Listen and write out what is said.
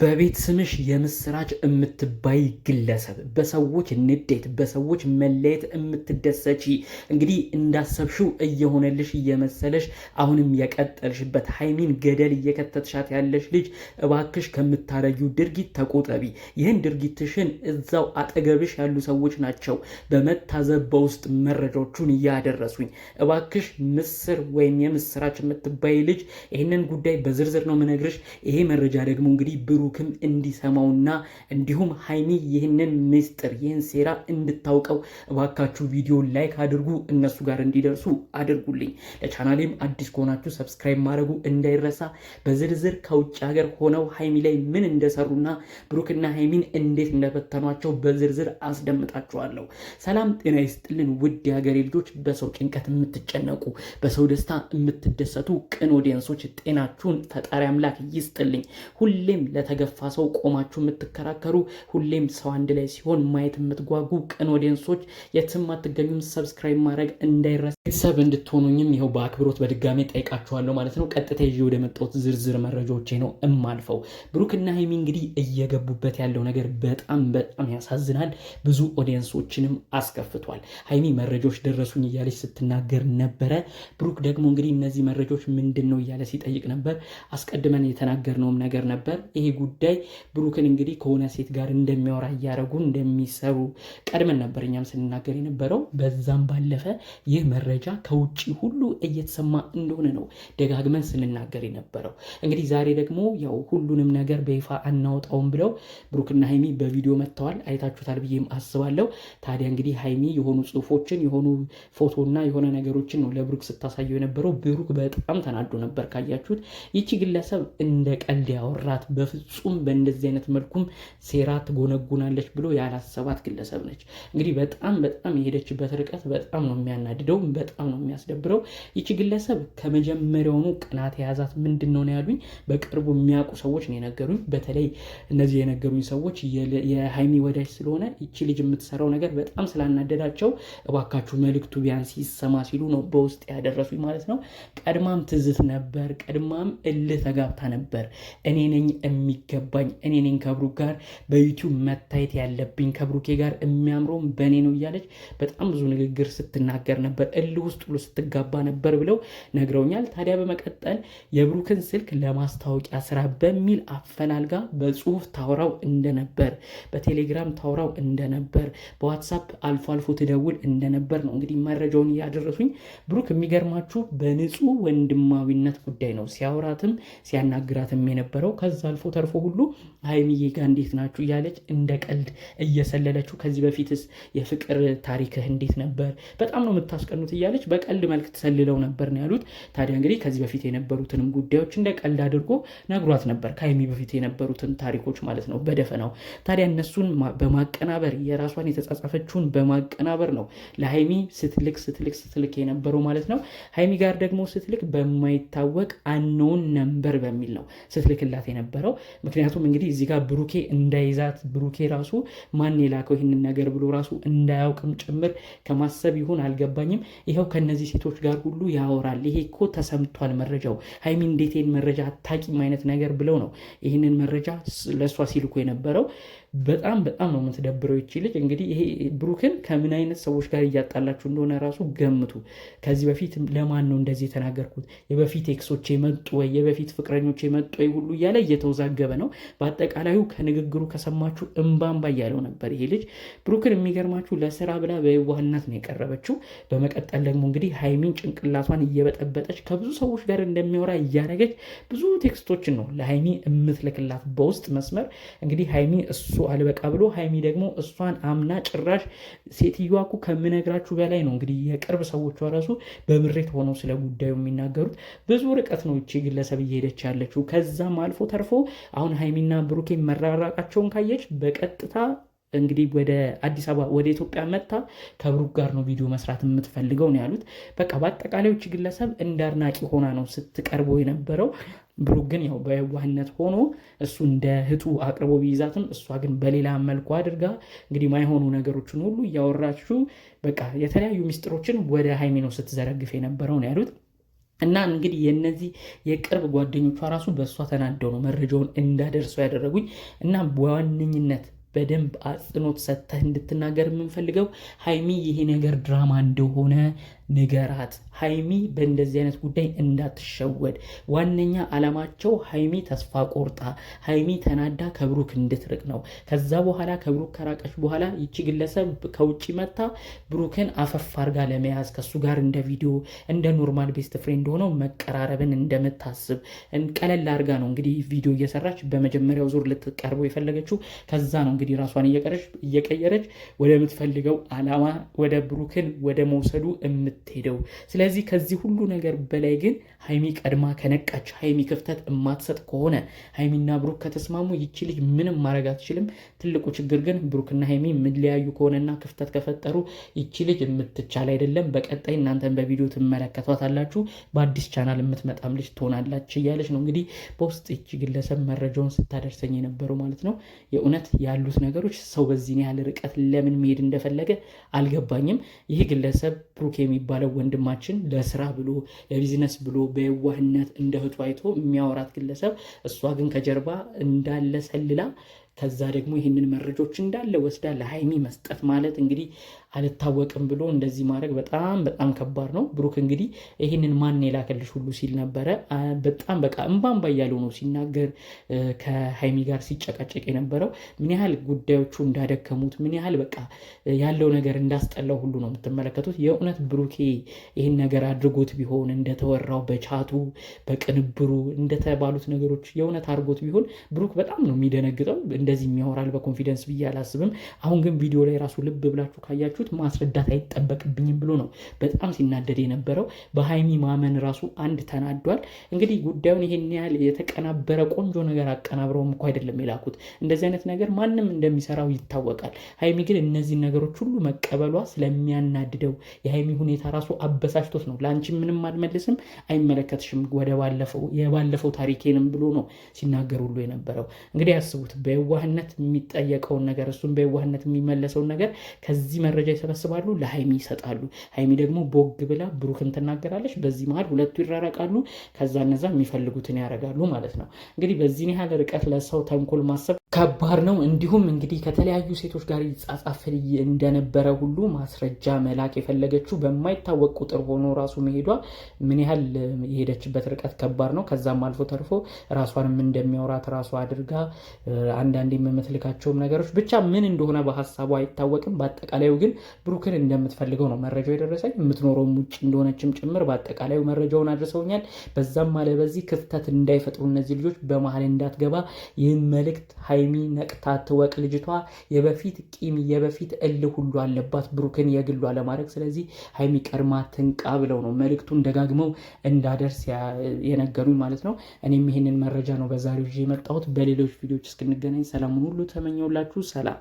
በቤት ስምሽ የምስራች የምትባይ ግለሰብ፣ በሰዎች ንዴት፣ በሰዎች መለየት የምትደሰች እንግዲህ እንዳሰብሽው እየሆነልሽ እየመሰለሽ አሁንም የቀጠልሽበት ሀይሚን ገደል እየከተትሻት ያለሽ ልጅ እባክሽ ከምታረጊው ድርጊት ተቆጠቢ። ይህን ድርጊትሽን እዛው አጠገብሽ ያሉ ሰዎች ናቸው በመታዘብ በውስጥ መረጃዎቹን እያደረሱኝ። እባክሽ ምስር ወይም የምስራች የምትባይ ልጅ ይህንን ጉዳይ በዝርዝር ነው ምነግርሽ። ይሄ መረጃ ደግሞ እንግዲህ ብሩ ብሩክም እንዲሰማውና እንዲሁም ሀይሚ ይህንን ምስጢር ይህን ሴራ እንድታውቀው እባካችሁ ቪዲዮ ላይክ አድርጉ፣ እነሱ ጋር እንዲደርሱ አድርጉልኝ። ለቻናሌም አዲስ ከሆናችሁ ሰብስክራይብ ማድረጉ እንዳይረሳ። በዝርዝር ከውጭ ሀገር ሆነው ሀይሚ ላይ ምን እንደሰሩና ብሩክና ሀይሚን እንዴት እንደፈተኗቸው በዝርዝር አስደምጣችኋለሁ። ሰላም ጤና ይስጥልን ውድ የሀገሬ ልጆች፣ በሰው ጭንቀት የምትጨነቁ በሰው ደስታ የምትደሰቱ ቅን ኦዲየንሶች ጤናችሁን ፈጣሪ አምላክ ይስጥልኝ። ሁሌም ለተ ለገፋ ሰው ቆማችሁ የምትከራከሩ ሁሌም ሰው አንድ ላይ ሲሆን ማየት የምትጓጉ ቅን ኦዲየንሶች የትም አትገኙም። ሰብስክራይብ ማድረግ እንዳይረሳ ቤተሰብ እንድትሆኑኝም ይኸው በአክብሮት በድጋሜ ጠይቃችኋለሁ ማለት ነው። ቀጥታ ይዤ ወደ መጣሁት ዝርዝር መረጃዎቼ ነው እማልፈው። ብሩክና ሀይሚ እንግዲህ እየገቡበት ያለው ነገር በጣም በጣም ያሳዝናል። ብዙ ኦዲየንሶችንም አስከፍቷል። ሀይሚ መረጃዎች ደረሱኝ እያለች ስትናገር ነበረ። ብሩክ ደግሞ እንግዲህ እነዚህ መረጃዎች ምንድን ነው እያለ ሲጠይቅ ነበር። አስቀድመን የተናገርነውም ነገር ነበር ይሄ ጉዳይ ብሩክን እንግዲህ ከሆነ ሴት ጋር እንደሚያወራ እያደረጉ እንደሚሰሩ ቀድመን ነበር እኛም ስንናገር የነበረው። በዛም ባለፈ ይህ መረጃ ከውጭ ሁሉ እየተሰማ እንደሆነ ነው ደጋግመን ስንናገር የነበረው። እንግዲህ ዛሬ ደግሞ ያው ሁሉንም ነገር በይፋ አናወጣውም ብለው ብሩክና ሀይሚ በቪዲዮ መጥተዋል። አይታችሁታል ብዬም አስባለሁ። ታዲያ እንግዲህ ሀይሚ የሆኑ ጽሁፎችን የሆኑ ፎቶና የሆነ ነገሮችን ነው ለብሩክ ስታሳየው የነበረው። ብሩክ በጣም ተናዶ ነበር ካያችሁት። ይቺ ግለሰብ እንደ ቀልድ ያወራት በፍጹም በፍጹም በእንደዚህ አይነት መልኩም ሴራ ትጎነጉናለች ብሎ ያላሰባት ግለሰብ ነች። እንግዲህ በጣም በጣም የሄደችበት ርቀት በጣም ነው የሚያናድደው፣ በጣም ነው የሚያስደብረው። ይቺ ግለሰብ ከመጀመሪያውኑ ቅናት የያዛት ምንድን ነው ያሉኝ በቅርቡ የሚያውቁ ሰዎች ነው የነገሩኝ። በተለይ እነዚህ የነገሩኝ ሰዎች የሀይሚ ወዳጅ ስለሆነ ይቺ ልጅ የምትሰራው ነገር በጣም ስላናደዳቸው እባካችሁ መልዕክቱ ቢያንስ ይሰማ ሲሉ ነው በውስጥ ያደረሱኝ ማለት ነው። ቀድማም ትዝት ነበር፣ ቀድማም እልህ ተጋብታ ነበር እኔ ነኝ የሚገባኝ እኔ ነኝ ከብሩክ ጋር በዩቲዩብ መታየት ያለብኝ ከብሩኬ ጋር የሚያምረውም በእኔ ነው እያለች በጣም ብዙ ንግግር ስትናገር ነበር። እልህ ውስጥ ብሎ ስትጋባ ነበር ብለው ነግረውኛል። ታዲያ በመቀጠል የብሩክን ስልክ ለማስታወቂያ ስራ በሚል አፈላልጋ በጽሁፍ ታውራው እንደነበር፣ በቴሌግራም ታውራው እንደነበር፣ በዋትሳፕ አልፎ አልፎ ትደውል እንደነበር ነው እንግዲህ መረጃውን እያደረሱኝ። ብሩክ የሚገርማችሁ በንጹህ ወንድማዊነት ጉዳይ ነው ሲያወራትም ሲያናግራትም የነበረው ከዛ አልፎ ተርፎ እንዳለፈው ሁሉ ሀይሚዬ ጋ እንዴት ናችሁ እያለች እንደ ቀልድ እየሰለለችው ከዚህ በፊትስ የፍቅር ታሪክህ እንዴት ነበር? በጣም ነው የምታስቀኑት እያለች በቀልድ መልክ ተሰልለው ነበር ነው ያሉት። ታዲያ እንግዲህ ከዚህ በፊት የነበሩትንም ጉዳዮች እንደ ቀልድ አድርጎ ነግሯት ነበር፣ ከሀይሚ በፊት የነበሩትን ታሪኮች ማለት ነው በደፈናው። ታዲያ እነሱን በማቀናበር የራሷን የተጻጻፈችውን በማቀናበር ነው ለሀይሚ ስትልክ ስትልክ ስትልክ የነበረው ማለት ነው። ሀይሚ ጋር ደግሞ ስትልክ በማይታወቅ አነውን ነንበር በሚል ነው ስትልክላት የነበረው። ምክንያቱም እንግዲህ እዚህ ጋር ብሩኬ እንዳይዛት ብሩኬ ራሱ ማን የላከው ይህንን ነገር ብሎ ራሱ እንዳያውቅም ጭምር ከማሰብ ይሁን አልገባኝም። ይኸው ከነዚህ ሴቶች ጋር ሁሉ ያወራል። ይሄ እኮ ተሰምቷል መረጃው ሀይሚ እንዴት መረጃ አታቂም አይነት ነገር ብለው ነው ይህንን መረጃ ለእሷ ሲልኮ የነበረው በጣም በጣም ነው የምትደብረው ይቺ ልጅ። እንግዲህ ይሄ ብሩክን ከምን አይነት ሰዎች ጋር እያጣላችሁ እንደሆነ ራሱ ገምቱ። ከዚህ በፊት ለማን ነው እንደዚህ የተናገርኩት? የበፊት ኤክሶቼ መጡ ወይ የበፊት ፍቅረኞች መጡ ወይ ሁሉ እያለ እየተወዛገበ ነው። በአጠቃላዩ ከንግግሩ ከሰማችሁ እምባምባ እያለው ነበር ይሄ ልጅ። ብሩክን የሚገርማችሁ ለስራ ብላ በዋህነት ነው የቀረበችው። በመቀጠል ደግሞ እንግዲህ ሀይሚን ጭንቅላቷን እየበጠበጠች ከብዙ ሰዎች ጋር እንደሚያወራ እያደረገች ብዙ ቴክስቶችን ነው ለሀይሚ የምትልክላት በውስጥ መስመር እንግዲህ ሀይሚ እሱ አልበቃ ብሎ ሀይሚ ደግሞ እሷን አምና ጭራሽ ሴትዮዋ እኮ ከምነግራችሁ በላይ ነው። እንግዲህ የቅርብ ሰዎቿ ራሱ በምሬት ሆነው ስለ ጉዳዩ የሚናገሩት ብዙ ርቀት ነው እቺ ግለሰብ እየሄደች ያለችው። ከዛም አልፎ ተርፎ አሁን ሀይሚና ብሩኬ መራራቃቸውን ካየች በቀጥታ እንግዲህ ወደ አዲስ አበባ ወደ ኢትዮጵያ መጥታ ከብሩክ ጋር ነው ቪዲዮ መስራት የምትፈልገው ነው ያሉት። በቃ በአጠቃላይ ውጭ ግለሰብ እንደ አድናቂ ሆና ነው ስትቀርበው የነበረው። ብሩክ ግን ያው በየዋህነት ሆኖ እሱ እንደ እህቱ አቅርቦ ቢይዛትም እሷ ግን በሌላ መልኩ አድርጋ እንግዲህ ማይሆኑ ነገሮችን ሁሉ እያወራችሁ በቃ የተለያዩ ሚስጥሮችን ወደ ሀይሜ ነው ስትዘረግፍ የነበረው ነው ያሉት። እና እንግዲህ የነዚህ የቅርብ ጓደኞቿ ራሱ በእሷ ተናደው ነው መረጃውን እንዳደርሰው ያደረጉኝ እና በዋነኝነት በደንብ አጽንኦት ሰጥተህ እንድትናገር የምንፈልገው ሀይሚ ይሄ ነገር ድራማ እንደሆነ ንገራት። ሀይሚ በእንደዚህ አይነት ጉዳይ እንዳትሸወድ። ዋነኛ ዓላማቸው ሀይሚ ተስፋ ቆርጣ፣ ሀይሚ ተናዳ ከብሩክ እንድትርቅ ነው። ከዛ በኋላ ከብሩክ ከራቀች በኋላ ይቺ ግለሰብ ከውጭ መታ ብሩክን አፈፋ አርጋ ለመያዝ ከሱ ጋር እንደ ቪዲዮ እንደ ኖርማል ቤስት ፍሬንድ ሆነው መቀራረብን እንደምታስብ ቀለል አርጋ ነው እንግዲህ ቪዲዮ እየሰራች በመጀመሪያው ዙር ልትቀርበው የፈለገችው። ከዛ ነው እንግዲህ ራሷን እየቀየረች ወደምትፈልገው ዓላማ ወደ ብሩክን ወደ መውሰዱ እምት የምትሄደው። ስለዚህ ከዚህ ሁሉ ነገር በላይ ግን ሀይሚ ቀድማ ከነቃች፣ ሀይሚ ክፍተት እማትሰጥ ከሆነ፣ ሀይሚና ብሩክ ከተስማሙ ይቺ ልጅ ምንም ማድረግ አትችልም። ትልቁ ችግር ግን ብሩክና ሀይሚ የምንለያዩ ከሆነና ክፍተት ከፈጠሩ ይቺ ልጅ የምትቻል አይደለም። በቀጣይ እናንተን በቪዲዮ ትመለከቷታላችሁ። በአዲስ ቻናል የምትመጣም ልጅ ትሆናላች እያለች ነው እንግዲህ በውስጥ ይቺ ግለሰብ መረጃውን ስታደርሰኝ የነበረው ማለት ነው። የእውነት ያሉት ነገሮች ሰው በዚህ ያህል ርቀት ለምን መሄድ እንደፈለገ አልገባኝም። ይህ ግለሰብ ብሩክ የሚባ የሚባለው ወንድማችን ለስራ ብሎ ለቢዝነስ ብሎ በየዋህነት እንደ አይቶ የሚያወራት ግለሰብ፣ እሷ ግን ከጀርባ እንዳለ ሰልላ ከዛ ደግሞ ይህንን መረጃዎች እንዳለ ወስዳ ለሀይሚ መስጠት ማለት እንግዲህ አልታወቅም ብሎ እንደዚህ ማድረግ በጣም በጣም ከባድ ነው። ብሩክ እንግዲህ ይህንን ማን የላከልሽ ሁሉ ሲል ነበረ። በጣም በቃ እምባምባ እያለው ነው ሲናገር ከሀይሚ ጋር ሲጨቃጨቅ የነበረው ምን ያህል ጉዳዮቹ እንዳደከሙት ምን ያህል በቃ ያለው ነገር እንዳስጠላው ሁሉ ነው የምትመለከቱት። የእውነት ብሩኬ ይህን ነገር አድርጎት ቢሆን እንደተወራው በቻቱ በቅንብሩ እንደተባሉት ነገሮች የእውነት አድርጎት ቢሆን ብሩክ በጣም ነው የሚደነግጠው። እንደዚህ የሚያወራል በኮንፊደንስ ብዬ አላስብም። አሁን ግን ቪዲዮ ላይ ራሱ ልብ ብላችሁ ካያችሁት ማስረዳት አይጠበቅብኝም ብሎ ነው በጣም ሲናደድ የነበረው። በሀይሚ ማመን ራሱ አንድ ተናዷል። እንግዲህ ጉዳዩን ይሄን ያህል የተቀናበረ ቆንጆ ነገር አቀናብረውም እኮ አይደለም የላኩት። እንደዚህ አይነት ነገር ማንም እንደሚሰራው ይታወቃል። ሀይሚ ግን እነዚህ ነገሮች ሁሉ መቀበሏ ስለሚያናድደው የሀይሚ ሁኔታ ራሱ አበሳጭቶት ነው ለአንቺ ምንም አልመልስም አይመለከትሽም ወደ ባለፈው የባለፈው ታሪኬንም ብሎ ነው ሲናገር ሁሉ የነበረው እንግዲህ ያስቡት በየዋህነት የሚጠየቀውን ነገር እሱም በየዋህነት የሚመለሰውን ነገር ከዚህ መረጃ ይሰበስባሉ፣ ለሀይሚ ይሰጣሉ። ሀይሚ ደግሞ ቦግ ብላ ብሩክን ትናገራለች። በዚህ መሀል ሁለቱ ይራረቃሉ። ከዛ እነዛ የሚፈልጉትን ያደርጋሉ ማለት ነው። እንግዲህ በዚህን ያህል ርቀት ለሰው ተንኮል ማሰብ ከባድ ነው። እንዲሁም እንግዲህ ከተለያዩ ሴቶች ጋር ይጻጻፍ እንደነበረ ሁሉ ማስረጃ መላክ የፈለገችው በማይታወቅ ቁጥር ሆኖ ራሱ መሄዷ ምን ያህል የሄደችበት ርቀት ከባድ ነው። ከዛም አልፎ ተርፎ ራሷንም እንደሚያወራት ራሷ አድርጋ አንድ አንዳንድ የምትልካቸውም ነገሮች ብቻ ምን እንደሆነ በሀሳቡ አይታወቅም። በአጠቃላዩ ግን ብሩክን እንደምትፈልገው ነው መረጃው የደረሰኝ። የምትኖረውም ውጭ እንደሆነችም ጭምር በአጠቃላዩ መረጃውን አድርሰውኛል። በዛም አለ በዚህ ክፍተት እንዳይፈጥሩ እነዚህ ልጆች በመሀል እንዳትገባ ይህን መልእክት ሀይሚ ነቅታ ትወቅ። ልጅቷ የበፊት ቂም የበፊት እል ሁሉ አለባት ብሩክን የግሏ ለማድረግ ስለዚህ ሀይሚ ቀድማ ትንቃ ብለው ነው መልእክቱን ደጋግመው እንዳደርስ የነገሩኝ ማለት ነው። እኔም ይህንን መረጃ ነው በዛሬው ይዤ የመጣሁት። በሌሎች ቪዲዮዎች እስክንገናኝ ሰላሙን ሁሉ ተመኘውላችሁ። ሰላም